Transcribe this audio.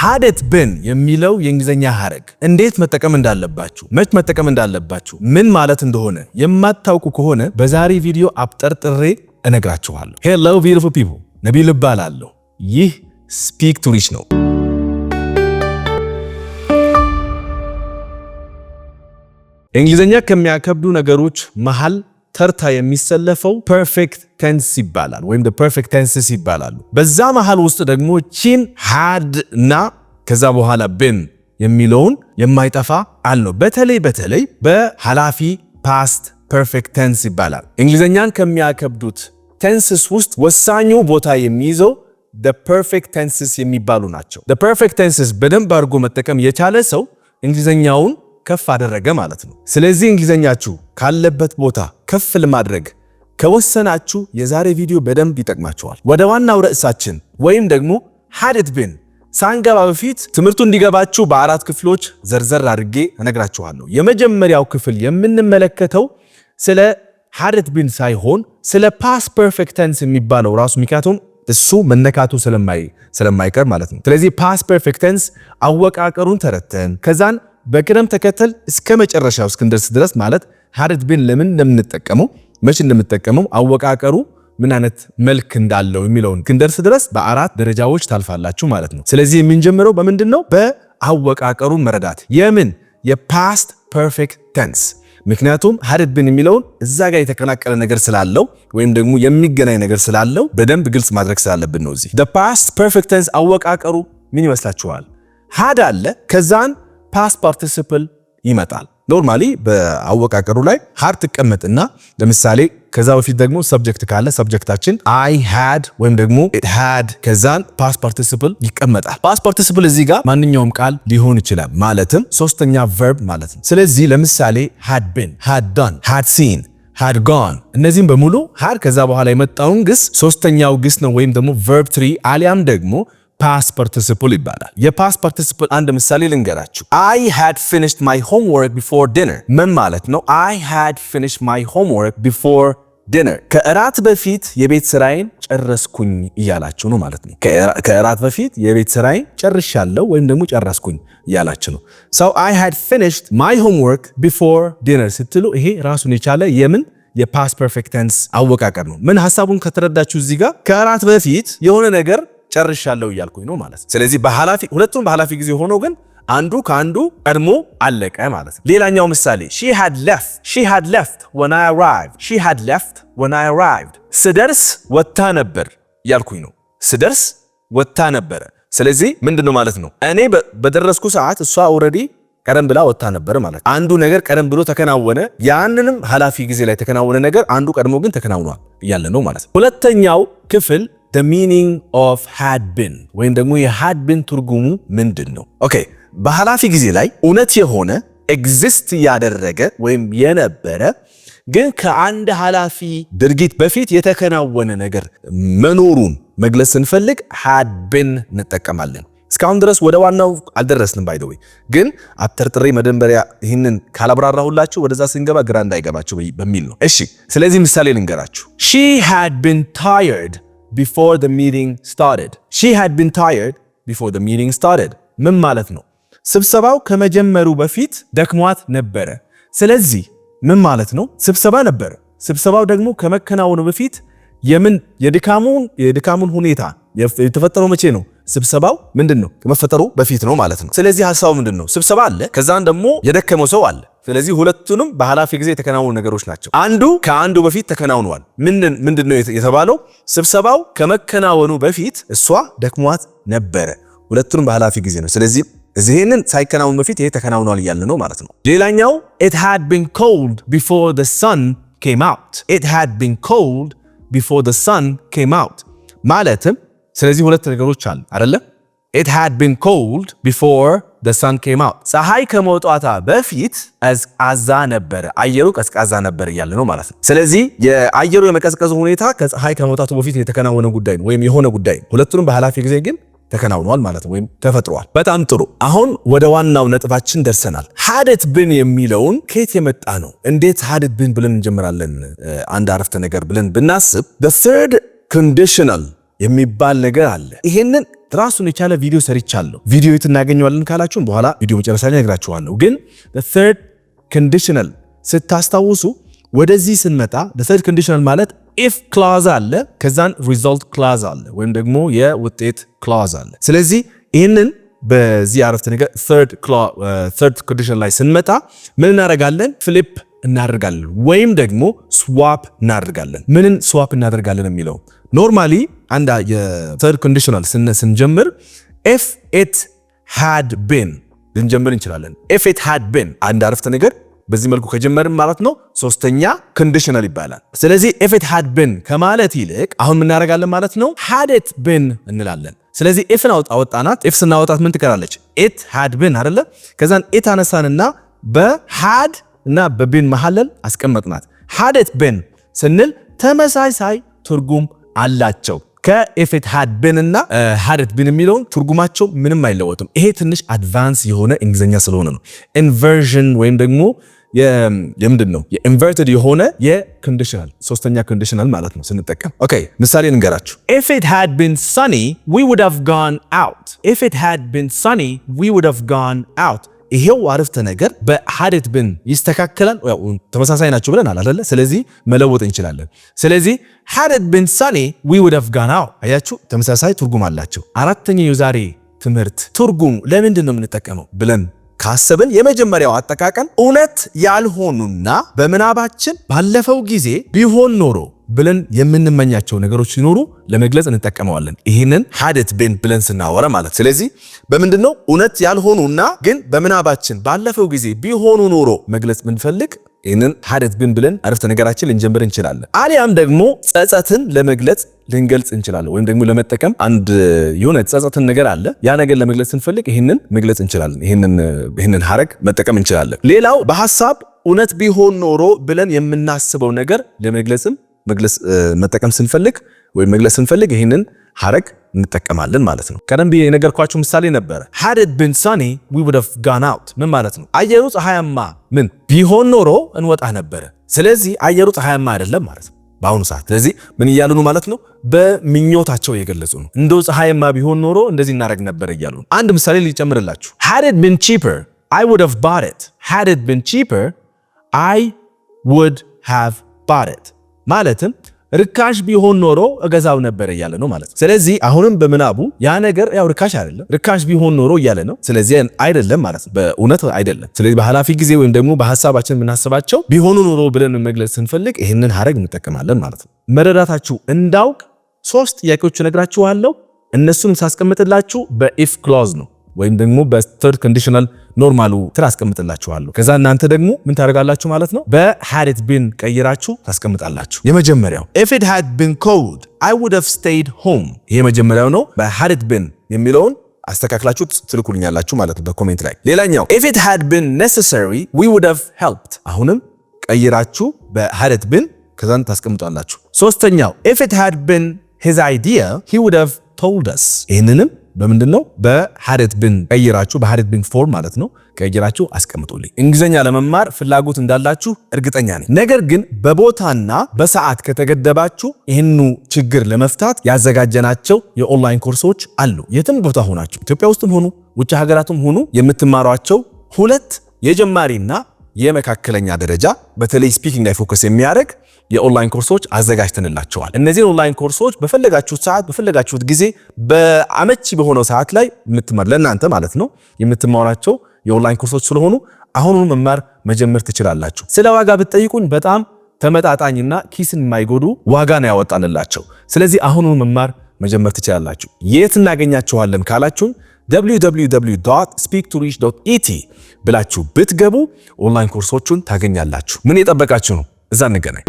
ሀደት ብን የሚለው የእንግሊዝኛ ሀረግ እንዴት መጠቀም እንዳለባችሁ፣ መች መጠቀም እንዳለባችሁ፣ ምን ማለት እንደሆነ የማታውቁ ከሆነ በዛሬ ቪዲዮ አብጠርጥሬ እነግራችኋለሁ። ሄሎ ቢዩቲፉል ፒፕል፣ ነቢዩ እባላለሁ። ይህ ስፒክ ቱ ሪች ነው። እንግሊዝኛ ከሚያከብዱ ነገሮች መሃል ተርታ የሚሰለፈው ፐርፌክት ቴንስ ይባላል፣ ወይም ፐርፌክት ቴንስስ ይባላሉ። በዛ መሃል ውስጥ ደግሞ ቺን ሃድ እና ከዛ በኋላ ብን የሚለውን የማይጠፋ አለው። በተለይ በተለይ በኃላፊ ፓስት ፐርፌክት ቴንስ ይባላል። እንግሊዝኛን ከሚያከብዱት ቴንስስ ውስጥ ወሳኙ ቦታ የሚይዘው ፐርፌክት ቴንስስ የሚባሉ ናቸው። ፐርፌክት ቴንስስ በደንብ አድርጎ መጠቀም የቻለ ሰው እንግሊዝኛውን ከፍ አደረገ ማለት ነው። ስለዚህ እንግሊዝኛችሁ ካለበት ቦታ ከፍ ለማድረግ ከወሰናችሁ የዛሬ ቪዲዮ በደንብ ይጠቅማችኋል። ወደ ዋናው ርዕሳችን ወይም ደግሞ ሐዲት ቤን ሳንገባ በፊት ትምህርቱ እንዲገባችሁ በአራት ክፍሎች ዘርዘር አድርጌ እነግራችኋለሁ። የመጀመሪያው ክፍል የምንመለከተው ስለ ሐዲት ቤን ሳይሆን ስለ ፓስ ፐርፌክት ቴንስ የሚባለው ራሱ ምክንያቱም እሱ መነካቱ ስለማይቀር ማለት ነው። ስለዚህ ፓስ ፐርፌክት ቴንስ አወቃቀሩን ተረተን ከዛን በቅደም ተከተል እስከ መጨረሻው እስክንደርስ ድረስ ማለት ሀሪት ቤን ለምን እንደምንጠቀመው መቼ እንደምንጠቀመው አወቃቀሩ ምን አይነት መልክ እንዳለው የሚለውን ክንደርስ ድረስ በአራት ደረጃዎች ታልፋላችሁ ማለት ነው። ስለዚህ የምንጀምረው በምንድን ነው? በአወቃቀሩ መረዳት የምን የፓስት ፐርፌክት ተንስ ምክንያቱም ሀሪት ብን የሚለውን እዛ ጋር የተቀላቀለ ነገር ስላለው ወይም ደግሞ የሚገናኝ ነገር ስላለው በደንብ ግልጽ ማድረግ ስላለብን ነው። እዚህ ፓስት ፐርፌክት ተንስ አወቃቀሩ ምን ይመስላችኋል? ሀድ አለ ከዛን ፓስት ፓርቲሲፕል ይመጣል ኖርማሊ በአወቃቀሩ ላይ ሀር ትቀመጥና ለምሳሌ ከዛ በፊት ደግሞ ሰብጀክት ካለ ሰብጀክታችን አይ ሃድ ወይም ደግሞ ኢት ሃድ ከዛን ፓስ ፓርቲሲፕል ይቀመጣል። ፓስ ፓርቲሲፕል እዚህ ጋር ማንኛውም ቃል ሊሆን ይችላል፣ ማለትም ሶስተኛ ቨርብ ማለት ነው። ስለዚህ ለምሳሌ ሃድ ቢን፣ ሃድ ዶን፣ ሃድ ሲን ሃድ ጎን እነዚህም በሙሉ ሃድ ከዛ በኋላ የመጣውን ግስ ሶስተኛው ግስ ነው ወይም ደግሞ ቨርብ ትሪ አሊያም ደግሞ ፓስፖርት ፓርቲሲፕል ይባላል። የፓስ ፓርቲሲፕል አንድ ምሳሌ ልንገራችሁ። አይ ሃድ ፊኒሽድ ማይ ሆምወርክ ቢፎር ዲነር ምን ማለት ነው? አይ ሃድ ፊኒሽድ ማይ ሆምወርክ ቢፎር ዲነር ከእራት በፊት የቤት ስራዬን ጨረስኩኝ እያላችሁ ነው ማለት ነው። ከእራት በፊት የቤት ስራዬን ጨርሻለሁ ወይም ደግሞ ጨረስኩኝ እያላችሁ ነው። ሰው አይ ሃድ ፊኒሽድ ማይ ሆምወርክ ቢፎር ዲነር ስትሉ ይሄ ራሱን የቻለ የምን የፓስ ፐርፌክት ቴንስ አወቃቀር ነው። ምን ሀሳቡን ከተረዳችሁ እዚህ ጋር ከእራት በፊት የሆነ ነገር ጨርሻለሁ እያልኩኝ ነው ማለት ነው። ስለዚህ በኃላፊ ሁለቱም በኃላፊ ጊዜ ሆኖ ግን አንዱ ከአንዱ ቀድሞ አለቀ ማለት ነው። ሌላኛው ምሳሌ ሺ ሃድ ሌፍት ሺ ሃድ ሌፍት ወን አይ አራይቭድ ሺ ሃድ ሌፍት ወን አይ አራይቭድ ስደርስ ወታ ነበር እያልኩኝ ነው። ስደርስ ወታ ነበረ። ስለዚህ ምንድነው ማለት ነው እኔ በደረስኩ ሰዓት እሷ ኦልሬዲ ቀደም ብላ ወታ ነበር ማለት ነው። አንዱ ነገር ቀደም ብሎ ተከናወነ። ያንንም ኃላፊ ጊዜ ላይ ተከናወነ ነገር አንዱ ቀድሞ ግን ተከናውኗል እያለ ነው ማለት ነው። ሁለተኛው ክፍል ሚኒንግ ኦፍ ሃድ ብን ወይም ደግሞ የሃድ ብን ትርጉሙ ምንድን ነው? ኦኬ በኃላፊ ጊዜ ላይ እውነት የሆነ ኤግዚስት ያደረገ ወይም የነበረ ግን ከአንድ ኃላፊ ድርጊት በፊት የተከናወነ ነገር መኖሩን መግለጽ ስንፈልግ ሃድ ብን እንጠቀማለን። እስካሁን ድረስ ወደ ዋናው አልደረስንም። ባይ ዘ ወይ ግን አብጠርጥሬ መደንበሪያ ይህንን ካላብራራሁላችሁ ወደዛ ስንገባ ግራ እንዳይገባችሁ በሚል ነው። እሺ፣ ስለዚህ ምሳሌ ልንገራችሁ። ሺ ሃድ ብን ታየርድ before the meeting started she had been tired before the meeting started ምን ማለት ነው? ስብሰባው ከመጀመሩ በፊት ደክሟት ነበረ። ስለዚህ ምን ማለት ነው? ስብሰባ ነበረ። ስብሰባው ደግሞ ከመከናወኑ በፊት የምን የድካሙን ሁኔታ የተፈጠረው መቼ ነው? ስብሰባው ምንድን ነው ከመፈጠሩ በፊት ነው ማለት ነው። ስለዚህ ሀሳቡ ምንድን ነው? ስብሰባ አለ፣ ከዛን ደግሞ የደከመው ሰው አለ። ስለዚህ ሁለቱንም በኃላፊ ጊዜ የተከናወኑ ነገሮች ናቸው። አንዱ ከአንዱ በፊት ተከናውኗል። ምንድን ነው የተባለው? ስብሰባው ከመከናወኑ በፊት እሷ ደክሟት ነበረ። ሁለቱንም በኃላፊ ጊዜ ነው። ስለዚህ እዚህንን ሳይከናወን በፊት ይሄ ተከናውኗል እያለ ነው ማለት ነው። ሌላኛው it had been cold before the sun came out it had been cold before the sun came out ማለትም ስለዚህ ሁለት ነገሮች አሉ አይደለም። it had been cold before the sun came out ፀሐይ ከመውጣቷ በፊት ቀዝቃዛ ነበረ፣ አየሩ ቀዝቃዛ ነበር እያለ ነው ማለት ነው። ስለዚህ የአየሩ የመቀዝቀዙ ሁኔታ ከፀሐይ ከመውጣቱ በፊት የተከናወነ ጉዳይ ነው ወይም የሆነ ጉዳይ ነው። ሁለቱንም በኃላፊ ጊዜ ግን ተከናውኗል ማለት ነው ወይም ተፈጥሯል። በጣም ጥሩ። አሁን ወደ ዋናው ነጥባችን ደርሰናል። ሀደት ብን የሚለውን ከየት የመጣ ነው? እንዴት ሀደት ብን ብለን እንጀምራለን? አንድ አረፍተ ነገር ብለን ብናስብ the third conditional የሚባል ነገር አለ። ይሄንን ራሱን የቻለ ቪዲዮ ሰርቻለሁ። ቪዲዮ የት እናገኘዋለን ካላችሁም በኋላ ቪዲዮ መጨረሻ ላይ ነግራችኋለሁ። ግን ተርድ ኮንዲሽናል ስታስታውሱ ወደዚህ ስንመጣ ተርድ ኮንዲሽናል ማለት ኢፍ ክላዝ አለ ከዛን ሪዛልት ክላዝ አለ ወይም ደግሞ የውጤት ክላዝ አለ። ስለዚህ ይህንን በዚህ አረፍተ ነገር ተርድ ኮንዲሽን uh, ላይ ስንመጣ ምን እናደርጋለን? ፍሊፕ እናደርጋለን ወይም ደግሞ ስዋፕ እናደርጋለን። ምንን ስዋፕ እናደርጋለን የሚለው ኖርማሊ አንድ የተርድ ኮንዲሽናል ስንጀምር ኤፍ ኤት ሃድ ቤን ልንጀምር እንችላለን። ኤፍ ኤት ሃድ ቤን አንድ አረፍተ ነገር በዚህ መልኩ ከጀመርን ማለት ነው ሶስተኛ ኮንዲሽናል ይባላል። ስለዚህ ኤፍ ኤት ሃድ ቤን ከማለት ይልቅ አሁን ምናደርጋለን ማለት ነው ሃድ ኤት ቤን እንላለን። ስለዚህ ኤፍን ወጣናት። ኤፍ ስናወጣት ምን ትቀራለች? ኤት ሃድ ቤን አደለ? ከዛን ኤት አነሳንና በሃድ እና በቤን መሀለል አስቀመጥናት። ሃድ ኤት ቤን ስንል ተመሳሳይ ትርጉም አላቸው። ከኤፌት ሃድ ቢን እና ሃደት ብን የሚለውን ትርጉማቸው ምንም አይለወጥም። ይሄ ትንሽ አድቫንስ የሆነ እንግሊዝኛ ስለሆነ ነው። ኢንቨርዥን ወይም ደግሞ የምንድን ነው የኢንቨርትድ የሆነ የኮንዲሽናል ሶስተኛ ኮንዲሽናል ማለት ነው ስንጠቀም። ኦኬ ምሳሌ እንገራችሁ። ኢፍ ኢት ሃድ ቢን ሰኒ ዊ ውድ ሃቭ ጋን አውት። ኢፍ ኢት ሃድ ቢን ሰኒ ዊ ውድ ሃቭ ጋን አውት ይሄው አረፍተ ነገር በሐደት ብን ይስተካከላል። ተመሳሳይ ናቸው ብለን አላለ። ስለዚህ መለወጥ እንችላለን። ስለዚህ ሐደት ብን ሳሌ ዊ ወደ አፍጋና አያችሁ፣ ተመሳሳይ ትርጉም አላቸው። አራተኛው የዛሬ ትምህርት ትርጉም ለምንድን ነው የምንጠቀመው ብለን ካሰብን የመጀመሪያው አጠቃቀም እውነት ያልሆኑና በምናባችን ባለፈው ጊዜ ቢሆን ኖሮ ብለን የምንመኛቸው ነገሮች ሲኖሩ ለመግለጽ እንጠቀመዋለን። ይህንን ሀደት ቤን ብለን ስናወረ ማለት ስለዚህ በምንድን ነው እውነት ያልሆኑና ግን በምናባችን ባለፈው ጊዜ ቢሆኑ ኖሮ መግለጽ ምንፈልግ ይህንን ሀደት ግን ብለን አረፍተ ነገራችን ልንጀምር እንችላለን። አሊያም ደግሞ ጸጸትን ለመግለጽ ልንገልጽ እንችላለን። ወይም ደግሞ ለመጠቀም አንድ የሆነ ጸጸትን ነገር አለ፣ ያ ነገር ለመግለጽ ስንፈልግ ይህንን መግለጽ እንችላለን። ይህንን ሀረግ መጠቀም እንችላለን። ሌላው በሀሳብ እውነት ቢሆን ኖሮ ብለን የምናስበው ነገር ለመግለጽም መጠቀም ስንፈልግ ወይም መግለጽ ስንፈልግ ይህንን ሀረግ? እንጠቀማለን ማለት ነው። ቀደም ብዬ የነገርኳችሁ ምሳሌ ነበረ። had it been sunny we would have gone ምን ማለት ነው? አየሩ ፀሐያማ ምን ቢሆን ኖሮ እንወጣ ነበረ። ስለዚህ አየሩ ፀሐያማ አይደለም ማለት ነው በአሁኑ ሰዓት። ስለዚህ ምን እያሉ ነው ማለት ነው? በምኞታቸው የገለጹ ነው። እንደው ፀሐይማ ቢሆን ኖሮ እንደዚህ እናደርግ ነበር እያሉ ነው። አንድ ምሳሌ ሊጨምርላችሁ had it been cheaper I would have bought it had it been cheaper I would have bought ማለትም ርካሽ ቢሆን ኖሮ እገዛው ነበር እያለ ነው ማለት ነው። ስለዚህ አሁንም በምናቡ ያ ነገር ያው ርካሽ አይደለም፣ ርካሽ ቢሆን ኖሮ እያለ ነው። ስለዚህ አይደለም ማለት ነው፣ በእውነት አይደለም። ስለዚህ በኃላፊ ጊዜ ወይም ደግሞ በሀሳባችን የምናስባቸው ቢሆኑ ኖሮ ብለን መግለጽ ስንፈልግ ይህንን ሀረግ እንጠቀማለን ማለት ነው። መረዳታችሁ እንዳውቅ ሶስት ጥያቄዎች እነግራችኋለሁ። እነሱን ሳስቀምጥላችሁ በኢፍ ክሎዝ ነው ወይም ደግሞ በስተርድ ኮንዲሽናል ኖርማሉ ትር አስቀምጥላችኋለሁ። ከዛ እናንተ ደግሞ ምን ታደርጋላችሁ ማለት ነው፣ በሃድት ቢን ቀይራችሁ ታስቀምጣላችሁ። የመጀመሪያው ኢፍ ኢት ሃድ ቢን ኮልድ አይ ውድ ሃቭ ስቴይድ ሆም። ይሄ የመጀመሪያው ነው። በሃድት ቢን የሚለውን አስተካክላችሁ ትልኩልኛላችሁ ማለት ነው በኮሜንት ላይ። ሌላኛው ኢፍ ኢት ሃድ ቢን ኔሰሰሪ ዊ ውድ ሃቭ ሄልፕድ። አሁንም ቀይራችሁ በሃድት ቢን ከዛን ታስቀምጣላችሁ። ሶስተኛው ኢፍ ኢት ሃድ ቢን ሂዝ አይዲያ ሂ ውድ ሃቭ ቶልድ አስ። ይህንንም በምንድን ነው? በሐረት ብን ቀይራችሁ፣ በሐረት ብን ፎርም ማለት ነው ቀይራችሁ አስቀምጡልኝ። እንግሊዝኛ ለመማር ፍላጎት እንዳላችሁ እርግጠኛ ነኝ። ነገር ግን በቦታና በሰዓት ከተገደባችሁ ይህኑ ችግር ለመፍታት ያዘጋጀናቸው የኦንላይን ኮርሶች አሉ። የትም ቦታ ሆናችሁ ኢትዮጵያ ውስጥም ሆኑ ውጭ ሀገራትም ሆኑ የምትማሯቸው ሁለት የጀማሪና የመካከለኛ ደረጃ በተለይ ስፒኪንግ ላይ ፎከስ የሚያደርግ የኦንላይን ኮርሶች አዘጋጅተንላቸዋል። እነዚህን ኦንላይን ኮርሶች በፈለጋችሁት ሰዓት በፈለጋችሁት ጊዜ በአመቺ በሆነው ሰዓት ላይ የምትማር ለእናንተ ማለት ነው የምትማራቸው የኦንላይን ኮርሶች ስለሆኑ አሁኑን መማር መጀመር ትችላላችሁ። ስለ ዋጋ ብትጠይቁኝ በጣም ተመጣጣኝና ኪስን የማይጎዱ ዋጋ ነው ያወጣንላቸው። ስለዚህ አሁኑን መማር መጀመር ትችላላችሁ። የት እናገኛችኋለን ካላችሁን www.speaktoreach.et e ብላችሁ ብትገቡ ኦንላይን ኮርሶቹን ታገኛላችሁ። ምን የጠበቃችሁ ነው? እዛ እንገናኝ።